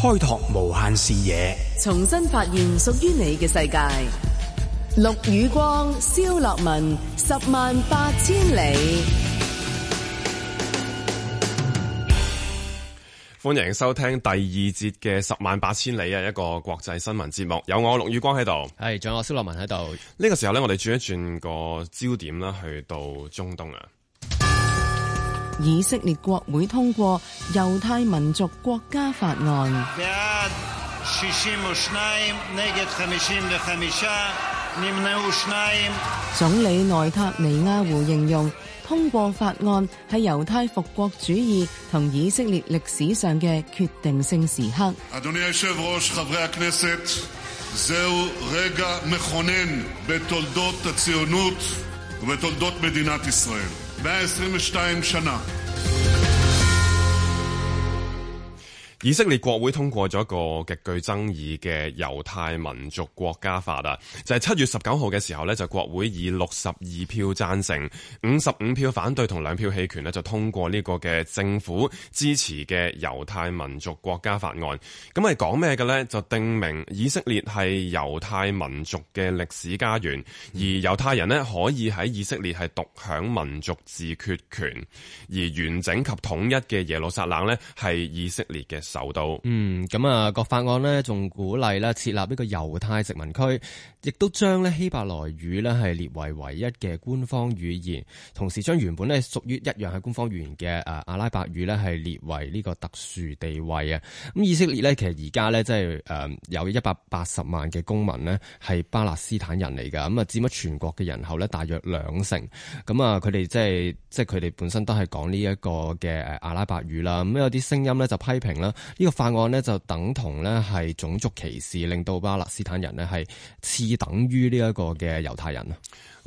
開拓無限視野，重新發現屬於你嘅世界。陸宇光、蕭樂文，十萬八千里。歡迎收聽第二節嘅《十萬八千里》啊！一個國際新聞節目，有我陸宇光喺度，係仲有我蕭樂文喺度。呢個時候咧，我哋轉一轉個焦點啦，去到中東啊！以色列國會通過猶太民族國家法案。總理內塔尼亞胡形容，通過法案係猶太復國主義同以色列歷史上嘅決定性時刻。以色列國會通過咗一個極具爭議嘅猶太民族國家法啊！就係、是、七月十九號嘅時候咧，就國會以六十二票贊成、五十五票反對同兩票棄權咧，就通過呢個嘅政府支持嘅猶太民族國家法案。咁係講咩嘅咧？就定明以色列係猶太民族嘅歷史家園，而猶太人咧可以喺以色列係獨享民族自決權，而完整及統一嘅耶路撒冷咧係以色列嘅。受到嗯咁啊，各法案呢仲鼓勵啦設立呢個猶太殖民區，亦都將呢希伯來語呢係列為唯一嘅官方語言，同時將原本呢屬於一樣係官方語言嘅誒阿拉伯語呢係列為呢個特殊地位啊！咁以色列呢其實而家呢即係誒有一百八十萬嘅公民呢係巴勒斯坦人嚟噶，咁啊佔咗全國嘅人口呢，大約兩成，咁啊佢哋即係即係佢哋本身都係講呢一個嘅誒阿拉伯語啦，咁有啲聲音呢就批評啦。呢個法案呢，就等同呢係種族歧視，令到巴勒斯坦人呢係次等於呢一個嘅猶太人啊。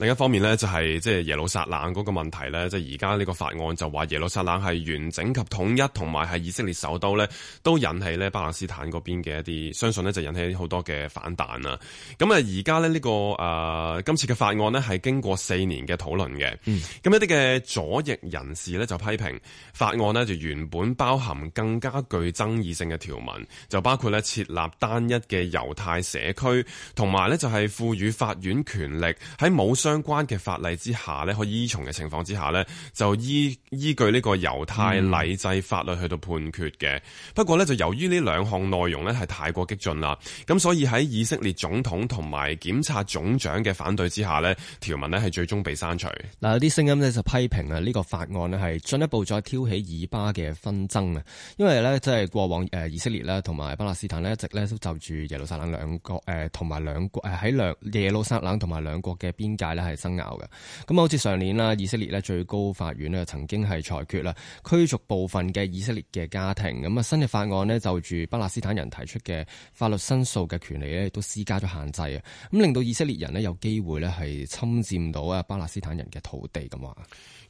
另一方面呢，就係即係耶路撒冷嗰個問題呢，即係而家呢個法案就話耶路撒冷係完整及統一，同埋係以色列首都呢，都引起呢巴勒斯坦嗰邊嘅一啲，相信呢就引起好多嘅反彈啦。咁啊、這個，而家呢，呢個誒今次嘅法案呢係經過四年嘅討論嘅，咁、嗯、一啲嘅左翼人士呢，就批評法案呢就原本包含更加具爭議性嘅條文，就包括呢設立單一嘅猶太社區，同埋呢就係賦予法院權力喺冇相相關嘅法例之下呢，可以依從嘅情況之下呢，就依依據呢個猶太禮制法律去到判決嘅。嗯、不過呢，就由於呢兩項內容呢係太過激進啦，咁所以喺以色列總統同埋檢察總長嘅反對之下呢，條文呢係最終被刪除。嗱，有啲聲音呢就批評啊，呢、這個法案呢係進一步再挑起以巴嘅紛爭啊，因為呢，即、就、係、是、過往誒、呃、以色列呢同埋巴勒斯坦呢，一直呢都就住耶路撒冷兩國誒同埋兩國誒喺兩耶路撒冷同埋兩國嘅邊界係生拗嘅，咁好似上年啦，以色列咧最高法院咧曾經係裁決啦，驅逐部分嘅以色列嘅家庭，咁啊新嘅法案呢，就住巴勒斯坦人提出嘅法律申訴嘅權利咧都施加咗限制啊，咁令到以色列人呢有機會呢係侵占到啊巴勒斯坦人嘅土地咁話。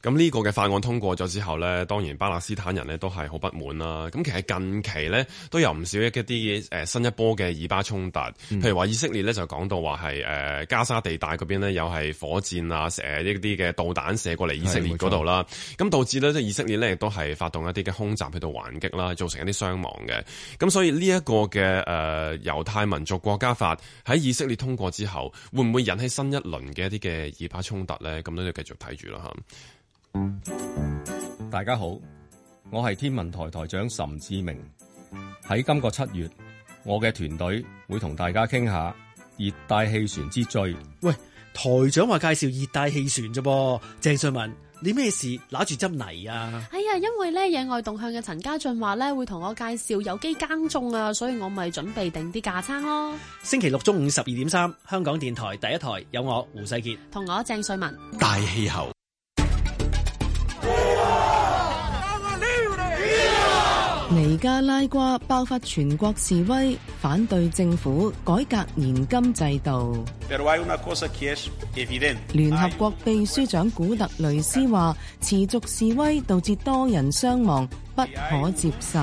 咁呢個嘅法案通過咗之後呢，當然巴勒斯坦人呢都係好不滿啦。咁其實近期呢都有唔少一啲誒新一波嘅以巴衝突，譬如話以色列呢就講到話係誒加沙地帶嗰邊呢有係火箭啊射一啲嘅導彈射過嚟以色列嗰度啦，咁導致呢，即係以色列呢亦都係發動一啲嘅空襲去到還擊啦，造成一啲傷亡嘅。咁所以呢一個嘅誒猶太民族國家法喺以色列通過之後，會唔會引起新一輪嘅一啲嘅以巴衝突呢？咁呢就繼續睇住啦吓。大家好，我係天文台台長岑志明。喺今個七月，我嘅團隊會同大家傾下熱帶氣旋之最。喂，台長話介紹熱帶氣旋啫噃，鄭瑞文，你咩事，拿住執泥啊？哎呀，因為呢野外動向嘅陳家俊話呢，會同我介紹有機耕種啊，所以我咪準備定啲架撐咯。星期六中午十二點三，香港電台第一台有我胡世杰同我鄭瑞文大氣候。尼加拉瓜爆發全國示威，反對政府改革年金制度。聯合國秘書長古特雷斯話：持續示威導致多人傷亡，不可接受。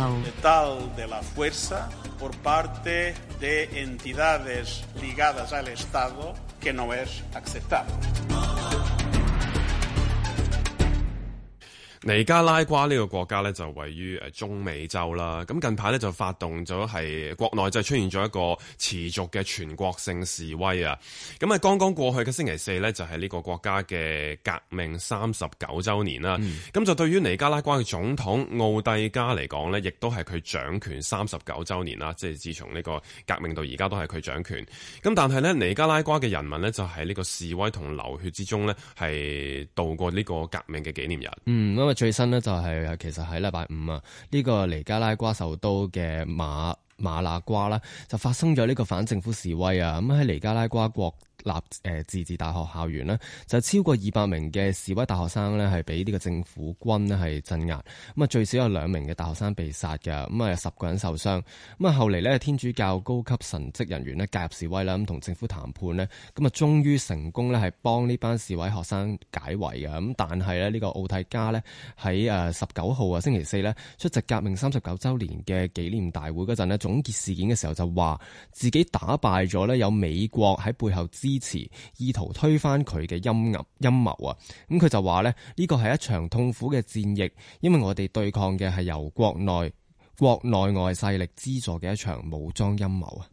尼加拉瓜呢個國家呢，就位於誒中美洲啦，咁近排呢，就發動咗係國內就出現咗一個持續嘅全國性示威啊，咁啊剛剛過去嘅星期四呢，就係呢個國家嘅革命三十九周年啦，咁、嗯、就對於尼加拉瓜嘅總統奧帝加嚟講呢，亦都係佢掌權三十九周年啦，即係自從呢個革命到而家都係佢掌權，咁但係呢，尼加拉瓜嘅人民呢，就喺呢個示威同流血之中呢，係度過呢個革命嘅紀念日。嗯。咁最新咧就係其實喺禮拜五啊，呢個尼加拉瓜首都嘅馬馬那瓜啦，就發生咗呢個反政府示威啊！咁喺尼加拉瓜國立誒、呃、自治大學校園呢，就超過二百名嘅示威大學生呢，係俾呢個政府軍呢係鎮壓，咁啊最少有兩名嘅大學生被殺嘅，咁啊十個人受傷。咁啊後嚟呢，天主教高級神職人員呢介入示威啦，咁同政府談判呢。咁啊終於成功呢，係幫呢班示威學生解圍啊。咁但係呢，呢、這個奧泰加呢，喺誒十九號啊星期四呢，出席革命三十九週年嘅紀念大會嗰陣咧，總結事件嘅時候就話自己打敗咗咧，有美國喺背後支持、意圖推翻佢嘅陰謀陰謀啊！咁佢就話咧呢個係一場痛苦嘅戰役，因為我哋對抗嘅係由國內國內外勢力資助嘅一場武裝陰謀啊！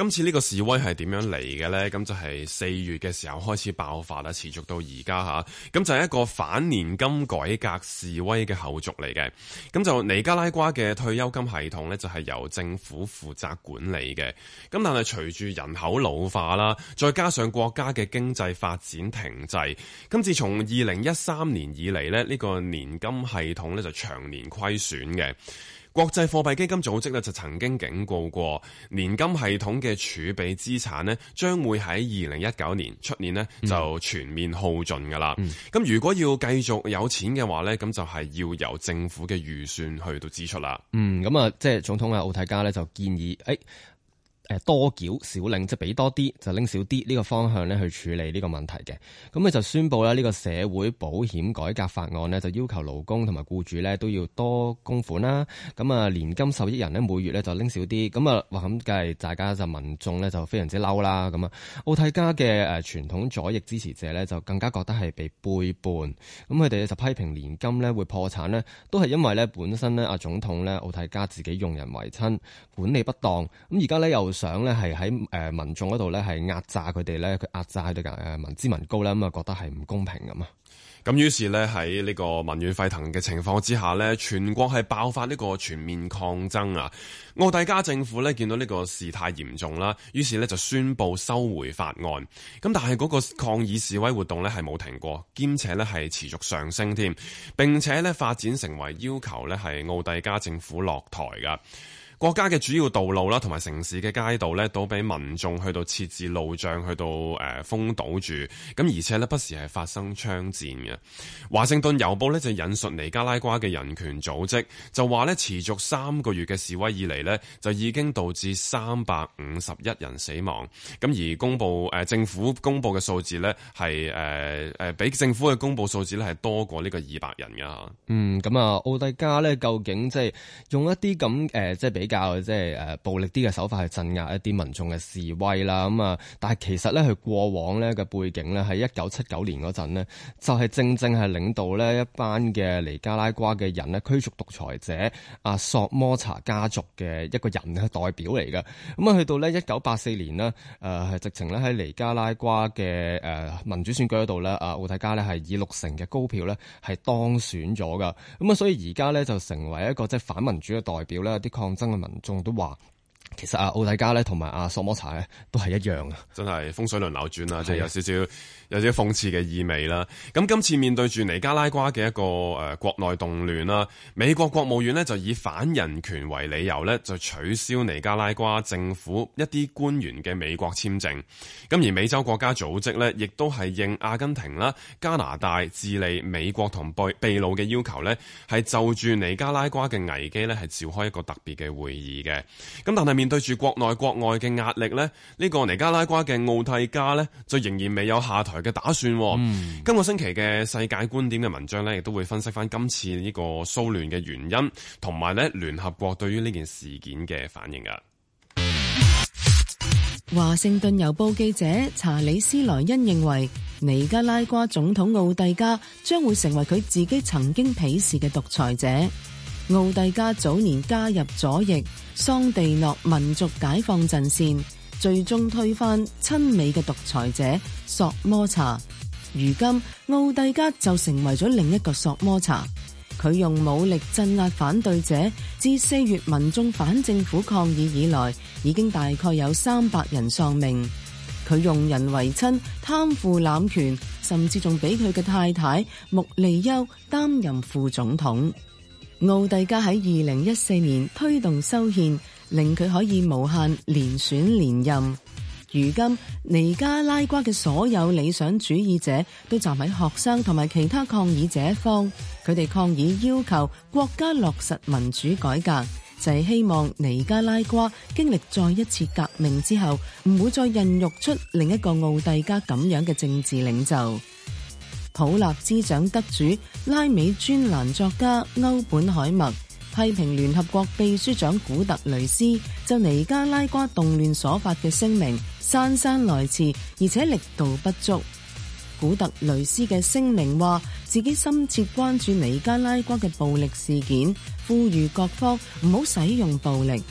今次呢個示威係點樣嚟嘅呢？咁就係四月嘅時候開始爆發啦，持續到而家吓。咁就係一個反年金改革示威嘅後續嚟嘅。咁就尼加拉瓜嘅退休金系統呢，就係由政府負責管理嘅。咁但係隨住人口老化啦，再加上國家嘅經濟發展停滯，咁自從二零一三年以嚟呢，呢個年金系統呢，就長年虧損嘅。國際貨幣基金組織咧就曾經警告過，年金系統嘅儲備資產咧將會喺二零一九年出年咧就全面耗盡噶啦。咁、嗯、如果要繼續有錢嘅話咧，咁就係、是、要由政府嘅預算去到支出啦。嗯，咁啊，即係總統啊奧泰加咧就建議，誒。誒多繳少領，即係俾多啲就拎少啲呢個方向咧去處理呢個問題嘅。咁佢就宣布啦，呢個社會保險改革法案呢，就要求勞工同埋僱主呢都要多供款啦。咁啊年金受益人呢，每月呢就拎少啲。咁啊話咁梗係，大家就民眾呢就非常之嬲啦。咁啊奧泰加嘅誒傳統左翼支持者呢，就更加覺得係被背叛。咁佢哋就批評年金呢會破產呢都係因為呢本身呢，阿、啊、總統咧奧泰加自己用人為親，管理不當。咁而家呢，又。想咧係喺誒民眾嗰度咧係壓榨佢哋咧，佢壓榨啲誒民脂民膏咧，咁啊覺得係唔公平咁啊。咁於是咧喺呢個民怨沸騰嘅情況之下咧，全國係爆發呢個全面抗爭啊！奧帝加政府咧見到呢個事態嚴重啦，於是咧就宣布收回法案。咁但係嗰個抗議示威活動咧係冇停過，兼且咧係持續上升添，並且咧發展成為要求咧係奧帝加政府落台噶。國家嘅主要道路啦，同埋城市嘅街道咧，都俾民眾去到設置路障，去到誒封堵住。咁而且呢，不時係發生槍戰嘅。華盛頓郵報呢，就引述尼加拉瓜嘅人權組織就話呢，持續三個月嘅示威以嚟呢，就已經導致三百五十一人死亡。咁而公佈誒、呃、政府公佈嘅數字呢，係誒誒比政府嘅公佈數字呢，係多過呢個二百人㗎。嗯，咁、嗯、啊，奧蒂加呢，究竟即係用一啲咁誒，即係比。較即係誒暴力啲嘅手法去鎮壓一啲民眾嘅示威啦，咁啊，但係其實咧佢過往咧嘅背景咧，喺一九七九年嗰陣咧，就係、是、正正係領導呢一班嘅尼加拉瓜嘅人呢驅逐獨裁者阿索摩查家族嘅一個人嘅代表嚟嘅，咁啊去到呢一九八四年呢，誒、呃、係直情咧喺尼加拉瓜嘅誒民主選舉嗰度咧，阿奧蒂加呢係以六成嘅高票咧係當選咗噶，咁啊所以而家咧就成為一個即係反民主嘅代表咧，啲抗爭。民眾都話。其實啊，奧地加咧同埋啊索摩查咧都係一樣啊！真係風水輪流轉啦，即係有少少有少少諷刺嘅意味啦。咁今次面對住尼加拉瓜嘅一個誒國內動亂啦，美國國務院咧就以反人權為理由咧，就取消尼加拉瓜政府一啲官員嘅美國簽證。咁而美洲國家組織咧，亦都係應阿根廷啦、加拿大、智利、美國同秘秘魯嘅要求咧，係就住尼加拉瓜嘅危機咧，係召開一個特別嘅會議嘅。咁但係。面對住國內國外嘅壓力咧，呢、呢個尼加拉瓜嘅奧蒂加就仍然未有下台嘅打算。嗯、今個星期嘅世界觀點嘅文章咧，亦都會分析返今次呢個騷亂嘅原因，同埋咧聯合國對於呢件事件嘅反應啊。華盛頓郵報記者查理斯萊恩認為，尼加拉瓜總統奧蒂加將會成為佢自己曾經鄙視嘅獨裁者。奧蒂加早年加入左翼桑地諾民族解放陣線，最終推翻親美嘅獨裁者索摩查。如今奧蒂加就成為咗另一個索摩查，佢用武力鎮壓反對者。自四月民眾反政府抗議以來，已經大概有三百人喪命。佢用人為親，貪腐濫權，甚至仲俾佢嘅太太穆利丘擔任副總統。奧蒂加喺二零一四年推動修憲，令佢可以無限連選連任。如今尼加拉瓜嘅所有理想主義者都站喺學生同埋其他抗議者一方，佢哋抗議要求國家落實民主改革，就係希望尼加拉瓜經歷再一次革命之後，唔會再孕育出另一個奧蒂加咁樣嘅政治領袖。普立茲獎得主、拉美專欄作家歐本海默批評聯合國秘書長古特雷斯就尼加拉瓜動亂所發嘅聲明姍姍來遲，而且力度不足。古特雷斯嘅聲明話，自己深切關注尼加拉瓜嘅暴力事件，呼籲各方唔好使用暴力。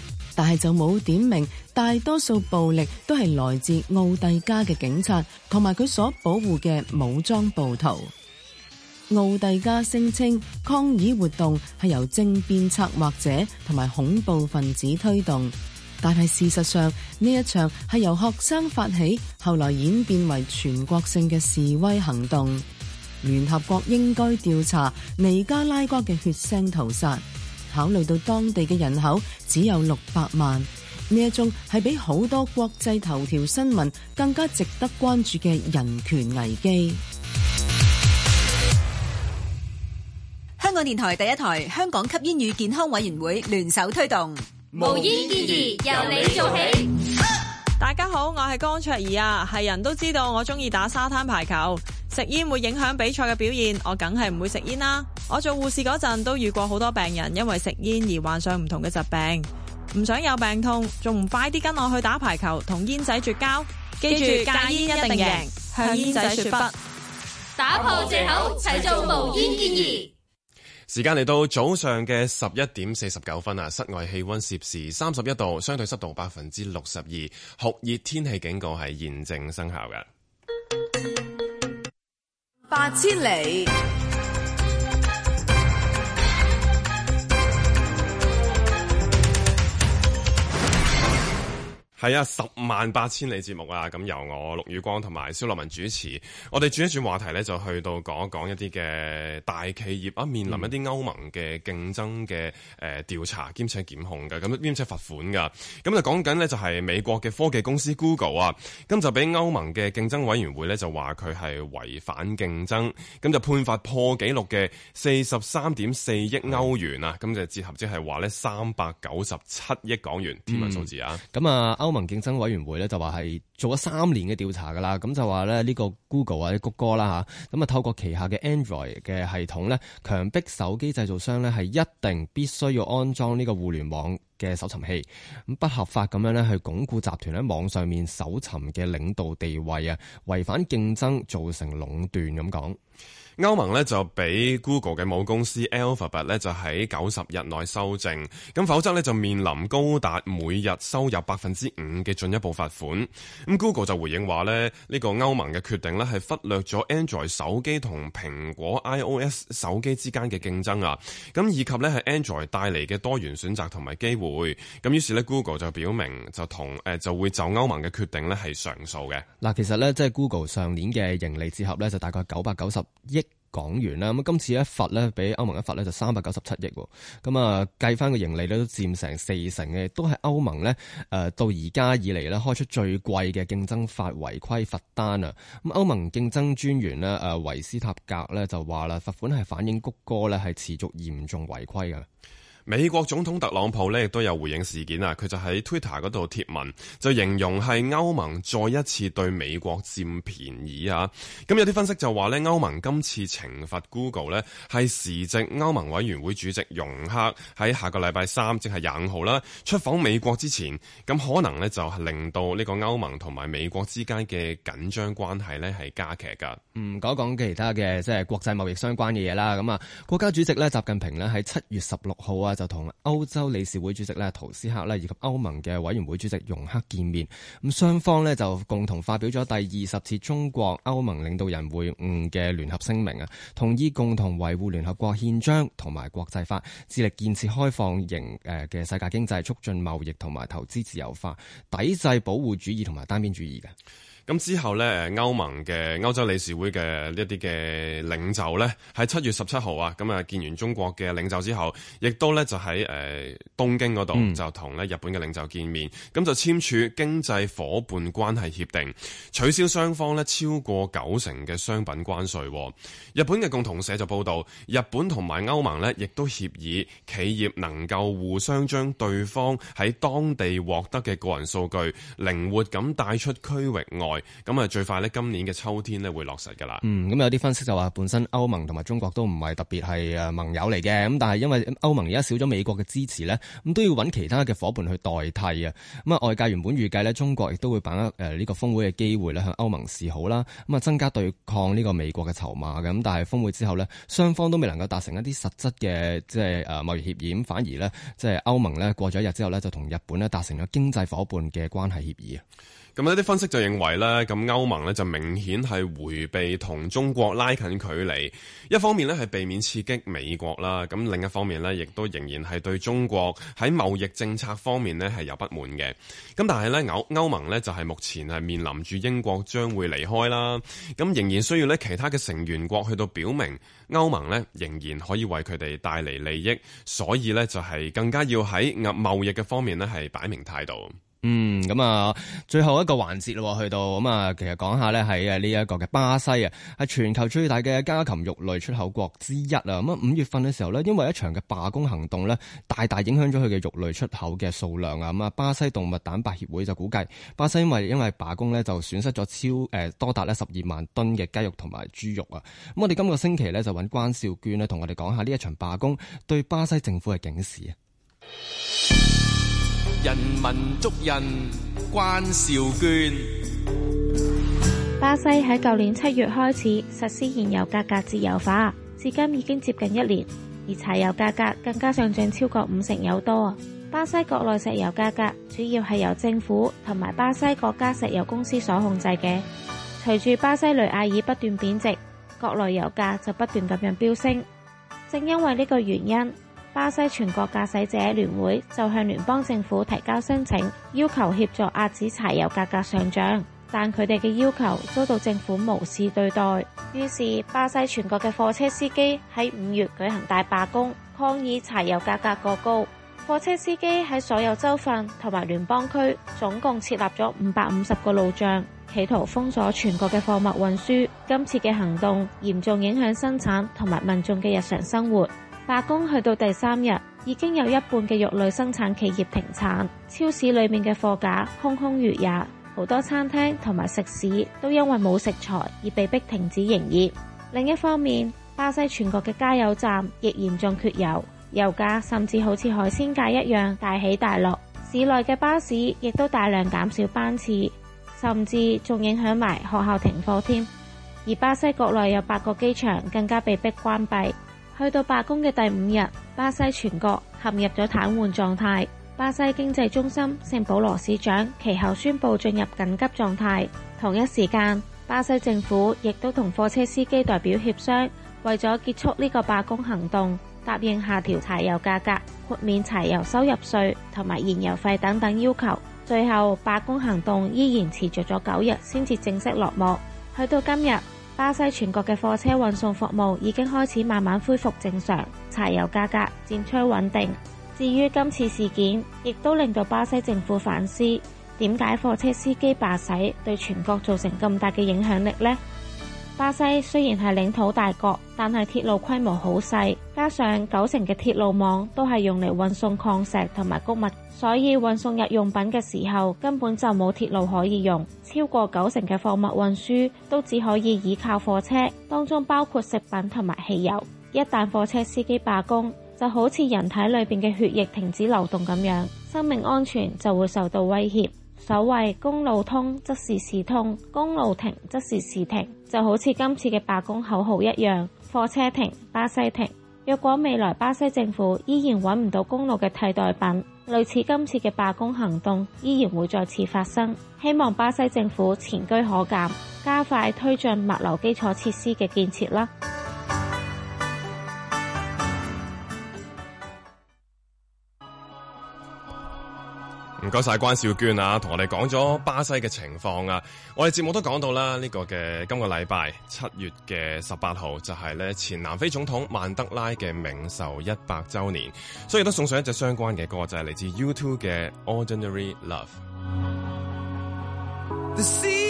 但係就冇點名，大多數暴力都係來自奧蒂加嘅警察同埋佢所保護嘅武裝暴徒。奧蒂加聲稱抗議活動係由政變策劃者同埋恐怖分子推動，但係事實上呢一場係由學生發起，後來演變為全國性嘅示威行動。聯合國應該調查尼加拉瓜嘅血腥屠殺。考慮到當地嘅人口只有六百萬，呢一種係比好多國際頭條新聞更加值得關注嘅人權危機。香港電台第一台、香港吸煙與健康委員會聯手推動無煙意義由你做起。啊、大家好，我係江卓儀啊，係人都知道我中意打沙灘排球。食煙會影響比賽嘅表現，我梗係唔會食煙啦。我做護士嗰陣都遇過好多病人因為食煙而患上唔同嘅疾病，唔想有病痛，仲唔快啲跟我去打排球，同煙仔絕交？記住戒煙一定贏，向煙仔說不，打破借口，齊做無煙健兒。時間嚟到早上嘅十一點四十九分啊，室外氣溫攝氏三十一度，相對濕度百分之六十二，酷熱天氣警告係現正生效㗎。八千里。係啊，十萬八千里節目啊，咁由我陸宇光同埋蕭樂文主持。我哋轉一轉話題呢就去到講一講一啲嘅大企業啊，面臨一啲歐盟嘅競爭嘅、呃、調查兼且檢控嘅，咁兼且罰款嘅。咁就講緊呢，就係美國嘅科技公司 Google 啊，咁就俾歐盟嘅競爭委員會呢，就話佢係違反競爭，咁就判罰破紀錄嘅四十三點四億歐元啊，咁、嗯、就折合即係話呢，三百九十七億港元天文數字啊，咁、嗯、啊歐盟競爭委員會咧就話係做咗三年嘅調查噶啦，咁就話咧呢個 Google 或者谷歌啦吓，咁啊透過旗下嘅 Android 嘅系統咧，強迫手機製造商咧係一定必須要安裝呢個互聯網嘅搜尋器，咁不合法咁樣咧去鞏固集團喺網上面搜尋嘅領導地位啊，違反競爭造成壟斷咁講。歐盟咧就俾 Google 嘅母公司 Alphabet 咧就喺九十日內修正，咁否則咧就面臨高達每日收入百分之五嘅進一步罰款。咁 Google 就回應話咧，呢個歐盟嘅決定咧係忽略咗 Android 手機同蘋果 iOS 手機之間嘅競爭啊，咁以及咧係 Android 帶嚟嘅多元選擇同埋機會。咁於是咧 Google 就表明就同誒就會就歐盟嘅決定咧係上訴嘅。嗱，其實咧即係 Google 上年嘅盈利折合咧就大概九百九十億。港元啦，咁今次一罰咧，俾歐盟一罰咧就三百九十七億喎，咁啊計翻個盈利咧都佔成四成嘅，都係歐盟咧到而家以嚟咧開出最貴嘅競爭法違規罰單啊！咁歐盟競爭專員咧維斯塔格咧就話啦，罰款係反映谷歌咧係持續嚴重違規㗎。美國總統特朗普呢亦都有回應事件啊，佢就喺 Twitter 嗰度貼文，就形容係歐盟再一次對美國佔便宜啊。咁有啲分析就話呢歐盟今次懲罰 Google 呢係時值歐盟委員會主席容克喺下個禮拜三，即係廿五號啦，出訪美國之前，咁可能呢就係令到呢個歐盟同埋美國之間嘅緊張關係咧係加劇噶。嗯，講講其他嘅即係國際貿易相關嘅嘢啦。咁啊，國家主席習近平呢喺七月十六號啊。就同歐洲理事會主席咧陶斯克咧，以及歐盟嘅委員會主席容克見面，咁雙方咧就共同發表咗第二十次中國歐盟領導人會晤嘅聯合聲明啊，同意共同維護聯合國憲章同埋國際法，致力建設開放型誒嘅世界經濟，促進貿易同埋投資自由化，抵制保護主義同埋單邊主義嘅。咁之後咧，誒歐盟嘅歐洲理事會嘅一啲嘅領袖咧，喺七月十七號啊，咁啊見完中國嘅領袖之後，亦都咧就喺誒東京嗰度就同咧日本嘅領袖見面，咁、嗯、就簽署經濟夥伴關係協定，取消雙方咧超過九成嘅商品關稅。日本嘅共同社就報道，日本同埋歐盟咧亦都協議企業能夠互相將對方喺當地獲得嘅個人數據靈活咁帶出區域外。咁啊，最快咧今年嘅秋天咧會落實噶啦。嗯，咁有啲分析就話，本身歐盟同埋中國都唔係特別係誒盟友嚟嘅，咁但係因為歐盟而家少咗美國嘅支持呢，咁都要揾其他嘅夥伴去代替啊。咁啊，外界原本預計咧，中國亦都會把握誒呢個峰會嘅機會咧向歐盟示好啦，咁啊增加對抗呢個美國嘅籌碼嘅。咁但係峰會之後呢，雙方都未能夠達成一啲實質嘅即係誒貿易協議，咁反而呢，即係歐盟咧過咗一日之後呢，就同日本咧達成咗經濟伙伴嘅關係協議啊。咁呢啲分析就認為呢，咁歐盟呢就明顯係迴避同中國拉近距離，一方面呢，係避免刺激美國啦，咁另一方面呢，亦都仍然係對中國喺貿易政策方面呢係有不滿嘅。咁但係呢，歐，歐盟呢就係目前係面臨住英國將會離開啦，咁仍然需要呢其他嘅成員國去到表明歐盟呢仍然可以為佢哋帶嚟利益，所以呢，就係更加要喺貿貿易嘅方面呢係擺明態度。嗯，咁啊，最後一個環節咯，去到咁啊，其實講下呢，係誒呢一個嘅巴西啊，係全球最大嘅家禽肉類出口國之一啊。咁啊，五月份嘅時候呢，因為一場嘅罷工行動呢，大大影響咗佢嘅肉類出口嘅數量啊。咁啊，巴西動物蛋白協會就估計，巴西因為因為罷工呢就損失咗超誒多達咧十二萬噸嘅雞肉同埋豬肉啊。咁我哋今個星期呢就揾關少娟同我哋講下呢一場罷工對巴西政府嘅警示啊。人文足印，關少娟。巴西喺舊年七月開始實施燃油價格自由化，至今已經接近一年，而柴油價格更加上漲超過五成有多。巴西國內石油價格主要係由政府同埋巴西國家石油公司所控制嘅。隨住巴西雷亞爾不斷貶值，國內油價就不斷咁樣飆升。正因為呢個原因，巴西全國駕駛者聯會就向聯邦政府提交申請，要求協助壓止柴油價格上漲，但佢哋嘅要求遭到政府無視對待。於是，巴西全國嘅貨車司機喺五月舉行大罷工，抗議柴油價格過高。貨車司機喺所有州份同埋聯邦區總共設立咗五百五十個路障，企圖封鎖全國嘅貨物運輸。今次嘅行動嚴重影響生產同埋民眾嘅日常生活。罷工去到第三日，已經有一半嘅肉類生產企業停產，超市裏面嘅貨架空空如也，好多餐廳同埋食肆都因為冇食材而被逼停止營業。另一方面，巴西全國嘅加油站亦嚴重缺油，油價甚至好似海鮮價一樣大起大落。市內嘅巴士亦都大量減少班次，甚至仲影響埋學校停課添。而巴西國內有八個機場更加被逼關閉。去到罷工嘅第五日，巴西全國陷入咗癱瘓狀態。巴西經濟中心聖保羅市長其後宣布進入緊急狀態。同一時間，巴西政府亦都同貨車司機代表協商，為咗結束呢個罷工行動，答應下調柴油價格、豁免柴油收入稅同埋燃油費等等要求。最後，罷工行動依然持續咗九日，先至正式落幕。去到今日。巴西全國嘅貨車運送服務已經開始慢慢恢復正常，柴油價格漸趨穩定。至於今次事件，亦都令到巴西政府反思，點解貨車司機罷駛對全國造成咁大嘅影響力呢？巴西雖然係領土大國，但係鐵路規模好細，加上九成嘅鐵路網都係用嚟運送礦石同埋穀物，所以運送日用品嘅時候根本就冇鐵路可以用。超過九成嘅貨物運輸都只可以倚靠貨車，當中包括食品同埋汽油。一旦貨車司機罷工，就好似人體裏面嘅血液停止流動咁樣，生命安全就會受到威脅。所謂公路通則時時通，公路停則時時停，就好似今次嘅罷工口號一樣。貨車停，巴西停。若果未來巴西政府依然揾唔到公路嘅替代品，類似今次嘅罷工行動依然會再次發生。希望巴西政府前居可鑑，加快推進物流基礎設施嘅建設啦。唔該晒關少娟啊，同我哋講咗巴西嘅情況啊，我哋節目都講到啦，呢個嘅今個禮拜七月嘅十八號就係呢前南非總統曼德拉嘅冥壽一百周年，所以都送上一隻相關嘅歌，就係嚟自 YouTube 嘅 Ordinary Love。The sea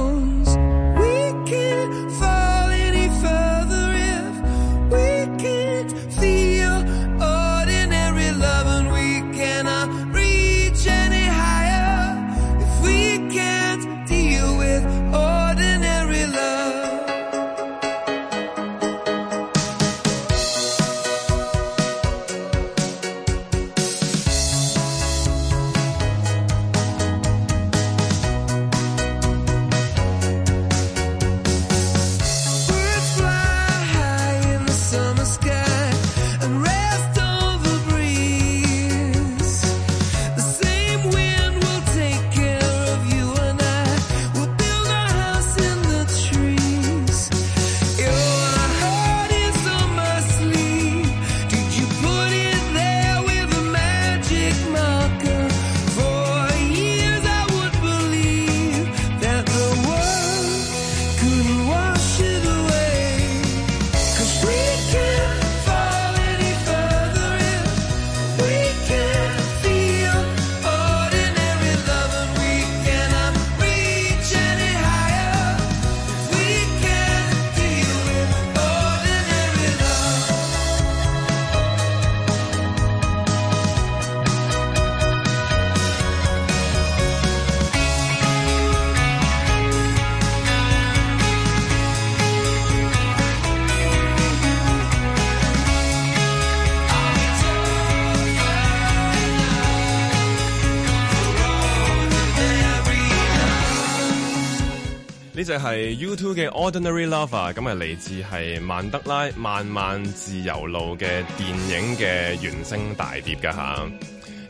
即係 YouTube 嘅 Ordinary Lover，咁啊嚟自係曼德拉《漫漫自由路》嘅電影嘅原聲大碟噶吓、啊，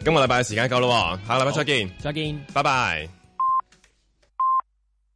今個禮拜時間夠咯、啊，下禮拜再見，好拜拜再見，拜拜。